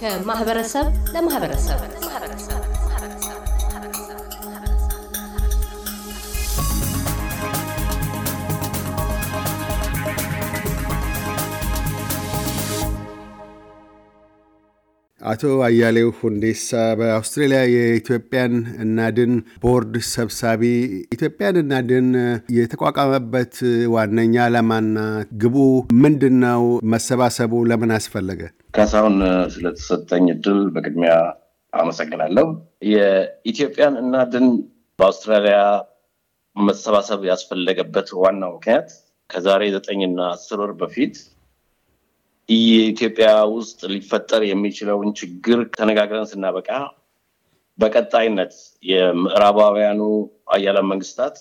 ከማህበረሰብ ለማህበረሰብ አቶ አያሌው ሁንዴሳ በአውስትሬሊያ የኢትዮጵያን እናድን ቦርድ ሰብሳቢ፣ ኢትዮጵያን እናድን የተቋቋመበት ዋነኛ ዓላማና ግቡ ምንድን ነው? መሰባሰቡ ለምን አስፈለገ? ካሳሁን፣ ስለተሰጠኝ እድል በቅድሚያ አመሰግናለሁ። የኢትዮጵያን እናድን በአውስትራሊያ መሰባሰብ ያስፈለገበት ዋናው ምክንያት ከዛሬ ዘጠኝና አስር ወር በፊት የኢትዮጵያ ውስጥ ሊፈጠር የሚችለውን ችግር ተነጋግረን ስናበቃ በቀጣይነት የምዕራባውያኑ አያለም መንግስታት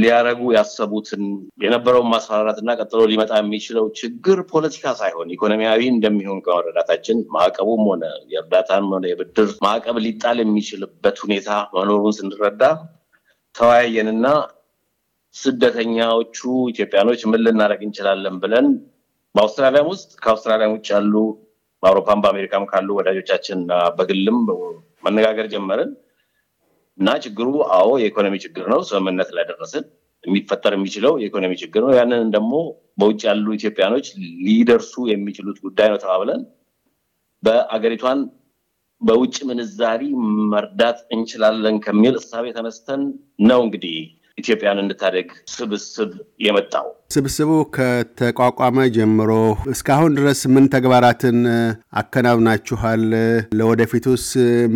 ሊያረጉ ያሰቡትን የነበረውን ማስፈራራት እና ቀጥሎ ሊመጣ የሚችለው ችግር ፖለቲካ ሳይሆን ኢኮኖሚያዊ እንደሚሆን ከመረዳታችን ማዕቀቡም ሆነ የእርዳታም ሆነ የብድር ማዕቀብ ሊጣል የሚችልበት ሁኔታ መኖሩን ስንረዳ ተወያየንና ስደተኛዎቹ ኢትዮጵያኖች ምን ልናደረግ እንችላለን ብለን በአውስትራሊያም ውስጥ ከአውስትራሊያም ውጭ ያሉ በአውሮፓም በአሜሪካም ካሉ ወዳጆቻችን በግልም መነጋገር ጀመርን እና ችግሩ አዎ የኢኮኖሚ ችግር ነው። ስምምነት ላይ ደረስን። የሚፈጠር የሚችለው የኢኮኖሚ ችግር ነው። ያንን ደግሞ በውጭ ያሉ ኢትዮጵያኖች ሊደርሱ የሚችሉት ጉዳይ ነው ተባብለን በአገሪቷን በውጭ ምንዛሪ መርዳት እንችላለን ከሚል እሳቤ ተነስተን ነው እንግዲህ ኢትዮጵያን እንድታደግ ስብስብ የመጣው። ስብስቡ ከተቋቋመ ጀምሮ እስካሁን ድረስ ምን ተግባራትን አከናውናችኋል? ለወደፊቱስ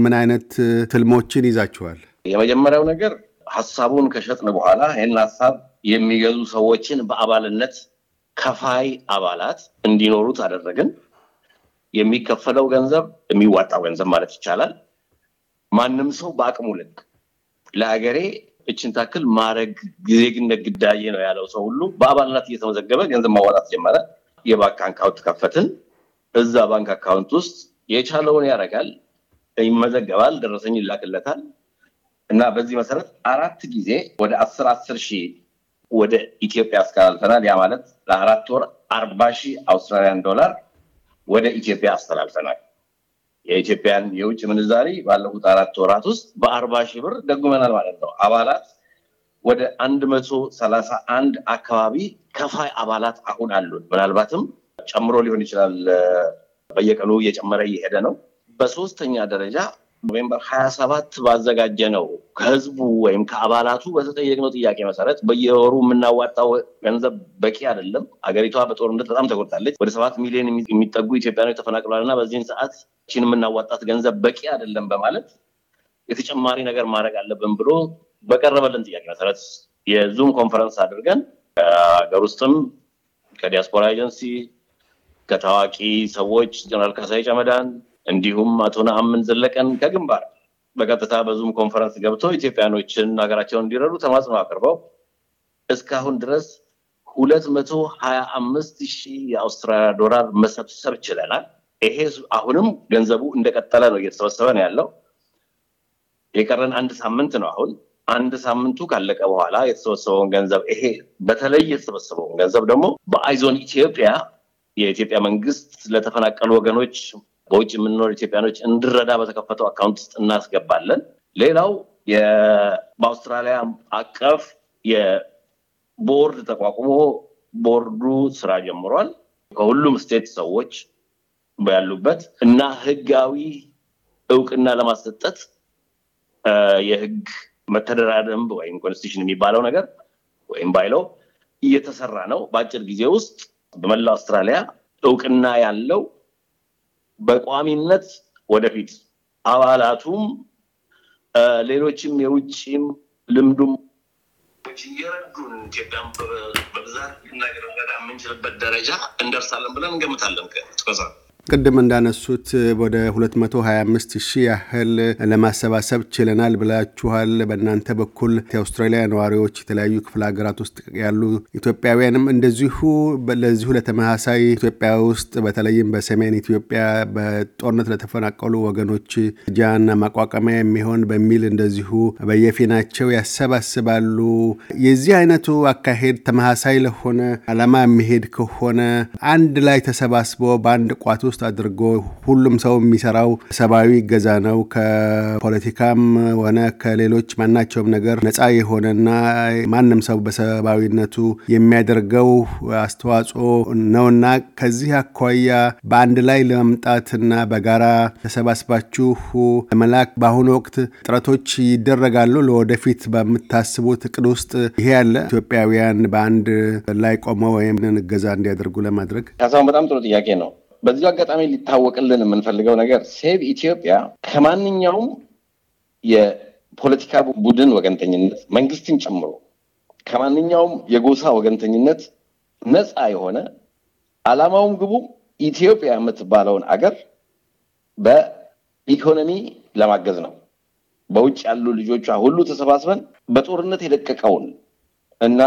ምን አይነት ትልሞችን ይዛችኋል? የመጀመሪያው ነገር ሀሳቡን ከሸጥን በኋላ ይህን ሀሳብ የሚገዙ ሰዎችን በአባልነት ከፋይ አባላት እንዲኖሩት አደረግን። የሚከፈለው ገንዘብ የሚዋጣው ገንዘብ ማለት ይቻላል። ማንም ሰው በአቅሙ ልክ ለሀገሬ እችን ታክል ማድረግ ዜግነት ግዳይ ነው ያለው ሰው ሁሉ በአባልነት እየተመዘገበ ገንዘብ ማዋጣት ጀመረ። የባንክ አካውንት ከፈትን። እዛ ባንክ አካውንት ውስጥ የቻለውን ያደርጋል፣ ይመዘገባል፣ ደረሰኝ ይላክለታል እና በዚህ መሰረት አራት ጊዜ ወደ አስር አስር ሺህ ወደ ኢትዮጵያ አስተላልፈናል። ያ ማለት ለአራት ወር አርባ ሺህ አውስትራሊያን ዶላር ወደ ኢትዮጵያ አስተላልፈናል። የኢትዮጵያን የውጭ ምንዛሪ ባለፉት አራት ወራት ውስጥ በአርባ ሺህ ብር ደጉመናል ማለት ነው። አባላት ወደ አንድ መቶ ሰላሳ አንድ አካባቢ ከፋይ አባላት አሁን አሉን። ምናልባትም ጨምሮ ሊሆን ይችላል። በየቀኑ እየጨመረ እየሄደ ነው። በሶስተኛ ደረጃ ኖቬምበር 27 ባዘጋጀ ነው ከህዝቡ ወይም ከአባላቱ በተጠየቅነው ጥያቄ መሰረት በየወሩ የምናዋጣው ገንዘብ በቂ አይደለም፣ አገሪቷ በጦርነት በጣም ተጎድታለች፣ ወደ ሰባት ሚሊዮን የሚጠጉ ኢትዮጵያኖች ተፈናቅሏል እና በዚህን ሰዓት ችን የምናዋጣት ገንዘብ በቂ አይደለም በማለት የተጨማሪ ነገር ማድረግ አለብን ብሎ በቀረበልን ጥያቄ መሰረት የዙም ኮንፈረንስ አድርገን ከሀገር ውስጥም ከዲያስፖራ ኤጀንሲ ከታዋቂ ሰዎች ጀነራል ከሳይ ጨመዳን እንዲሁም አቶ ነአምን ዘለቀን ከግንባር በቀጥታ በዙም ኮንፈረንስ ገብቶ ኢትዮጵያኖችን ሀገራቸውን እንዲረዱ ተማጽኖ አቅርበው እስካሁን ድረስ ሁለት መቶ ሀያ አምስት ሺህ የአውስትራሊያ ዶላር መሰብሰብ ችለናል። ይሄ አሁንም ገንዘቡ እንደቀጠለ ነው፣ እየተሰበሰበ ነው ያለው። የቀረን አንድ ሳምንት ነው። አሁን አንድ ሳምንቱ ካለቀ በኋላ የተሰበሰበውን ገንዘብ ይሄ በተለይ የተሰበሰበውን ገንዘብ ደግሞ በአይዞን ኢትዮጵያ የኢትዮጵያ መንግስት ለተፈናቀሉ ወገኖች በውጭ የምንኖር ኢትዮጵያኖች እንድረዳ በተከፈተው አካውንት ውስጥ እናስገባለን። ሌላው በአውስትራሊያ አቀፍ የቦርድ ተቋቁሞ ቦርዱ ስራ ጀምሯል። ከሁሉም ስቴት ሰዎች ያሉበት እና ህጋዊ እውቅና ለማሰጠት የህግ መተዳደሪያ ደንብ ወይም ኮንስቲቱሽን የሚባለው ነገር ወይም ባይለው እየተሰራ ነው። በአጭር ጊዜ ውስጥ በመላው አውስትራሊያ እውቅና ያለው በቋሚነት ወደፊት አባላቱም ሌሎችም የውጭም ልምዱም እየረዱን ኢትዮጵያን በብዛት ልናገረዳ የምንችልበት ደረጃ እንደርሳለን ብለን እንገምታለን። ቅድም እንዳነሱት ወደ 225 ሺህ ያህል ለማሰባሰብ ችለናል ብላችኋል። በእናንተ በኩል የአውስትራሊያ ነዋሪዎች የተለያዩ ክፍለ ሀገራት ውስጥ ያሉ ኢትዮጵያውያንም እንደዚሁ ለዚሁ ለተመሳሳይ ኢትዮጵያ ውስጥ በተለይም በሰሜን ኢትዮጵያ በጦርነት ለተፈናቀሉ ወገኖች ጃና ማቋቋሚያ የሚሆን በሚል እንደዚሁ በየፊናቸው ያሰባስባሉ። የዚህ አይነቱ አካሄድ ተመሳሳይ ለሆነ አላማ የሚሄድ ከሆነ አንድ ላይ ተሰባስቦ በአንድ ቋት ውስጥ አድርጎ ሁሉም ሰው የሚሰራው ሰብአዊ እገዛ ነው። ከፖለቲካም ሆነ ከሌሎች ማናቸውም ነገር ነፃ የሆነና ማንም ሰው በሰብአዊነቱ የሚያደርገው አስተዋጽኦ ነውና ከዚህ አኳያ በአንድ ላይ ለመምጣትና በጋራ ተሰባስባችሁ ለመላክ በአሁኑ ወቅት ጥረቶች ይደረጋሉ። ለወደፊት በምታስቡት እቅድ ውስጥ ይሄ ያለ ኢትዮጵያውያን በአንድ ላይ ቆመው ወይም እገዛ እንዲያደርጉ ለማድረግ ያሳሁን በጣም ጥሩ ጥያቄ ነው። በዚሁ አጋጣሚ ሊታወቅልን የምንፈልገው ነገር ሴቭ ኢትዮጵያ ከማንኛውም የፖለቲካ ቡድን ወገንተኝነት መንግስትን ጨምሮ ከማንኛውም የጎሳ ወገንተኝነት ነፃ የሆነ አላማውም ግቡ ኢትዮጵያ የምትባለውን አገር በኢኮኖሚ ለማገዝ ነው። በውጭ ያሉ ልጆቿ ሁሉ ተሰባስበን በጦርነት የደቀቀውን እና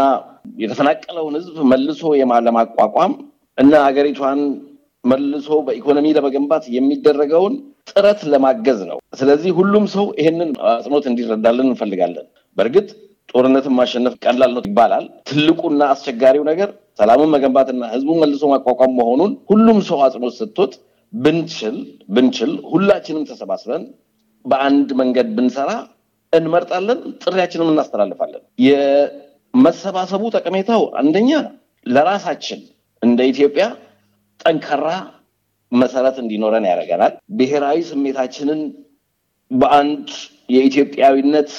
የተፈናቀለውን ህዝብ መልሶ ለማቋቋም እና አገሪቷን መልሶ በኢኮኖሚ ለመገንባት የሚደረገውን ጥረት ለማገዝ ነው። ስለዚህ ሁሉም ሰው ይህንን አጽንኦት እንዲረዳልን እንፈልጋለን። በእርግጥ ጦርነትን ማሸነፍ ቀላል ነው ይባላል። ትልቁና አስቸጋሪው ነገር ሰላምን መገንባትና ህዝቡን መልሶ ማቋቋም መሆኑን ሁሉም ሰው አጽንኦት ሰጥቶት ብንችል ብንችል ሁላችንም ተሰባስበን በአንድ መንገድ ብንሰራ እንመርጣለን። ጥሪያችንም እናስተላልፋለን። የመሰባሰቡ ጠቀሜታው አንደኛ ለራሳችን እንደ ኢትዮጵያ ጠንካራ መሰረት እንዲኖረን ያደርገናል። ብሔራዊ ስሜታችንን በአንድ የኢትዮጵያዊነት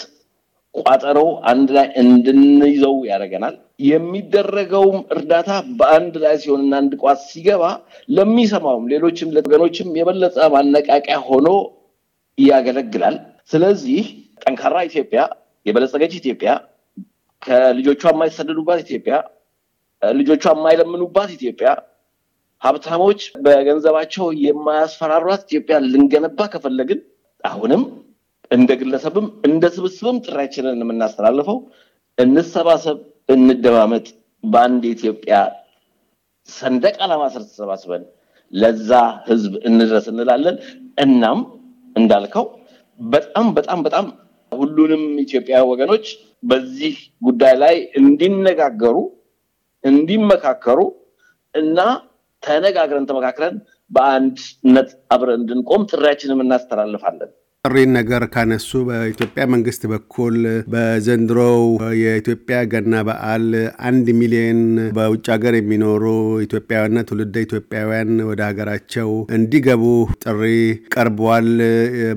ቋጠሮ አንድ ላይ እንድንይዘው ያደርገናል። የሚደረገውም እርዳታ በአንድ ላይ ሲሆንና አንድ ቋት ሲገባ ለሚሰማውም ሌሎችም ለወገኖችም የበለጠ ማነቃቂያ ሆኖ ያገለግላል። ስለዚህ ጠንካራ ኢትዮጵያ፣ የበለጸገች ኢትዮጵያ፣ ከልጆቿ የማይሰደዱባት ኢትዮጵያ፣ ልጆቿ የማይለምኑባት ኢትዮጵያ ሀብታሞች በገንዘባቸው የማያስፈራሯት ኢትዮጵያ ልንገነባ ከፈለግን አሁንም እንደ ግለሰብም እንደ ስብስብም ጥሪያችንን የምናስተላልፈው እንሰባሰብ፣ እንደማመጥ በአንድ ኢትዮጵያ ሰንደቅ ዓላማ ስር ተሰባስበን ለዛ ህዝብ እንድረስ እንላለን። እናም እንዳልከው በጣም በጣም በጣም ሁሉንም ኢትዮጵያ ወገኖች በዚህ ጉዳይ ላይ እንዲነጋገሩ እንዲመካከሩ እና ተነጋግረን ተመካክረን በአንድነት አብረን እንድንቆም ጥሪያችንም እናስተላልፋለን። ጥሪን ነገር ካነሱ በኢትዮጵያ መንግስት በኩል በዘንድሮው የኢትዮጵያ ገና በዓል አንድ ሚሊዮን በውጭ ሀገር የሚኖሩ ኢትዮጵያውያንና ትውልደ ኢትዮጵያውያን ወደ ሀገራቸው እንዲገቡ ጥሪ ቀርቧል።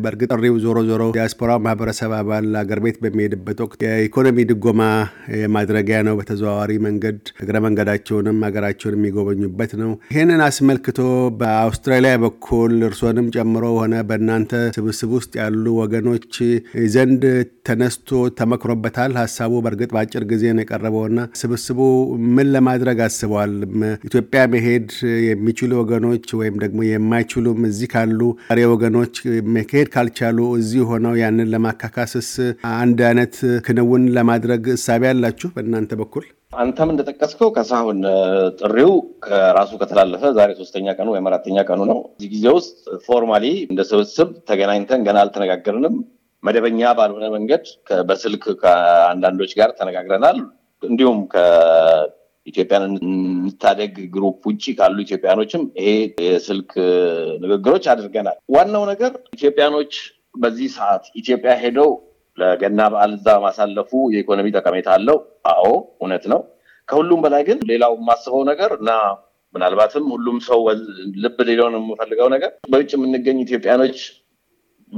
በእርግጥ ጥሪው ዞሮ ዞሮ ዲያስፖራ ማህበረሰብ አባል አገር ቤት በሚሄድበት ወቅት የኢኮኖሚ ድጎማ ማድረጊያ ነው። በተዘዋዋሪ መንገድ እግረ መንገዳቸውንም ሀገራቸውን የሚጎበኙበት ነው። ይህንን አስመልክቶ በአውስትራሊያ በኩል እርስዎንም ጨምሮ ሆነ በእናንተ ስብስብ ውስጥ ያሉ ወገኖች ዘንድ ተነስቶ ተመክሮበታል። ሀሳቡ በእርግጥ በአጭር ጊዜ ነው የቀረበውና ስብስቡ ምን ለማድረግ አስበዋል? ኢትዮጵያ መሄድ የሚችሉ ወገኖች ወይም ደግሞ የማይችሉም እዚህ ካሉ ሬ ወገኖች መሄድ ካልቻሉ እዚህ ሆነው ያንን ለማካካስስ አንድ አይነት ክንውን ለማድረግ እሳቢያ አላችሁ በእናንተ በኩል? አንተም እንደጠቀስከው ከሳሁን ጥሪው ከራሱ ከተላለፈ ዛሬ ሶስተኛ ቀኑ ወይም አራተኛ ቀኑ ነው። እዚህ ጊዜ ውስጥ ፎርማሊ እንደ ስብስብ ተገናኝተን ገና አልተነጋገርንም። መደበኛ ባልሆነ መንገድ በስልክ ከአንዳንዶች ጋር ተነጋግረናል። እንዲሁም ከኢትዮጵያን እንታደግ ግሩፕ ውጭ ካሉ ኢትዮጵያኖችም ይሄ የስልክ ንግግሮች አድርገናል። ዋናው ነገር ኢትዮጵያኖች በዚህ ሰዓት ኢትዮጵያ ሄደው ለገና በዓል እዛ ማሳለፉ የኢኮኖሚ ጠቀሜታ አለው። አዎ እውነት ነው። ከሁሉም በላይ ግን ሌላው የማስበው ነገር እና ምናልባትም ሁሉም ሰው ልብ ሌላው ነው የምፈልገው ነገር በውጭ የምንገኝ ኢትዮጵያኖች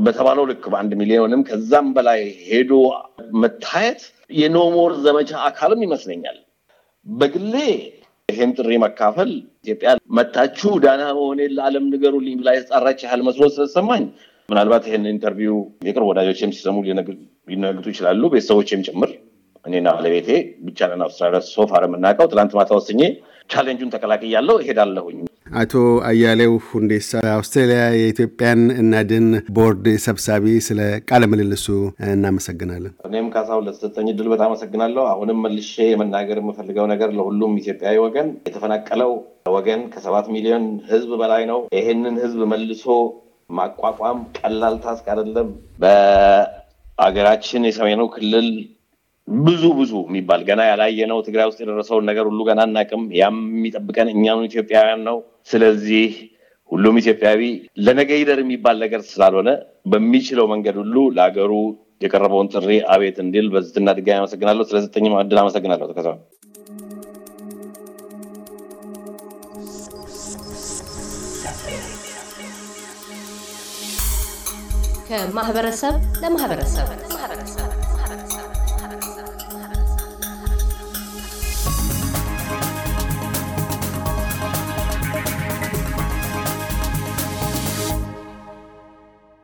በተባለው ልክ በአንድ ሚሊዮንም ከዛም በላይ ሄዶ መታየት የኖሞር ዘመቻ አካልም ይመስለኛል። በግሌ ይህን ጥሪ መካፈል ኢትዮጵያ መታችሁ ዳና መሆኔን ለአለም ንገሩልኝ ብላ የተጻራች ያህል መስሎ ስለሰማኝ ምናልባት ይህን ኢንተርቪው የቅርብ ወዳጆችም ሲሰሙ ሊናገጡ ይችላሉ። ቤተሰቦችም ጭምር እኔና ባለቤቴ ብቻለን አስራሁለት ሶፋር የምናውቀው። ትላንት ማታ ወስኜ ቻሌንጁን ተቀላቅያለሁ፣ እሄዳለሁኝ። አቶ አያሌው ሁንዴሳ አውስትራሊያ የኢትዮጵያን እናድን ቦርድ ሰብሳቢ፣ ስለ ቃለ ምልልሱ እናመሰግናለን። እኔም ካሳሁን ለተሰጠኝ ድል በጣም አመሰግናለሁ። አሁንም መልሼ የመናገር የምፈልገው ነገር ለሁሉም ኢትዮጵያዊ ወገን የተፈናቀለው ወገን ከሰባት ሚሊዮን ህዝብ በላይ ነው። ይሄንን ህዝብ መልሶ ማቋቋም ቀላል ታስክ አይደለም። አገራችን የሰሜኑ ክልል ብዙ ብዙ የሚባል ገና ያላየነው ትግራይ ውስጥ የደረሰውን ነገር ሁሉ ገና አናቅም። ያም የሚጠብቀን እኛኑ ኢትዮጵያውያን ነው። ስለዚህ ሁሉም ኢትዮጵያዊ ለነገ ይደር የሚባል ነገር ስላልሆነ በሚችለው መንገድ ሁሉ ለሀገሩ የቀረበውን ጥሪ አቤት እንዲል በዝትና ድጋሚ አመሰግናለሁ። ስለዘጠኝም እድል አመሰግናለሁ። ተከሰ ከማህበረሰብ ለማህበረሰብ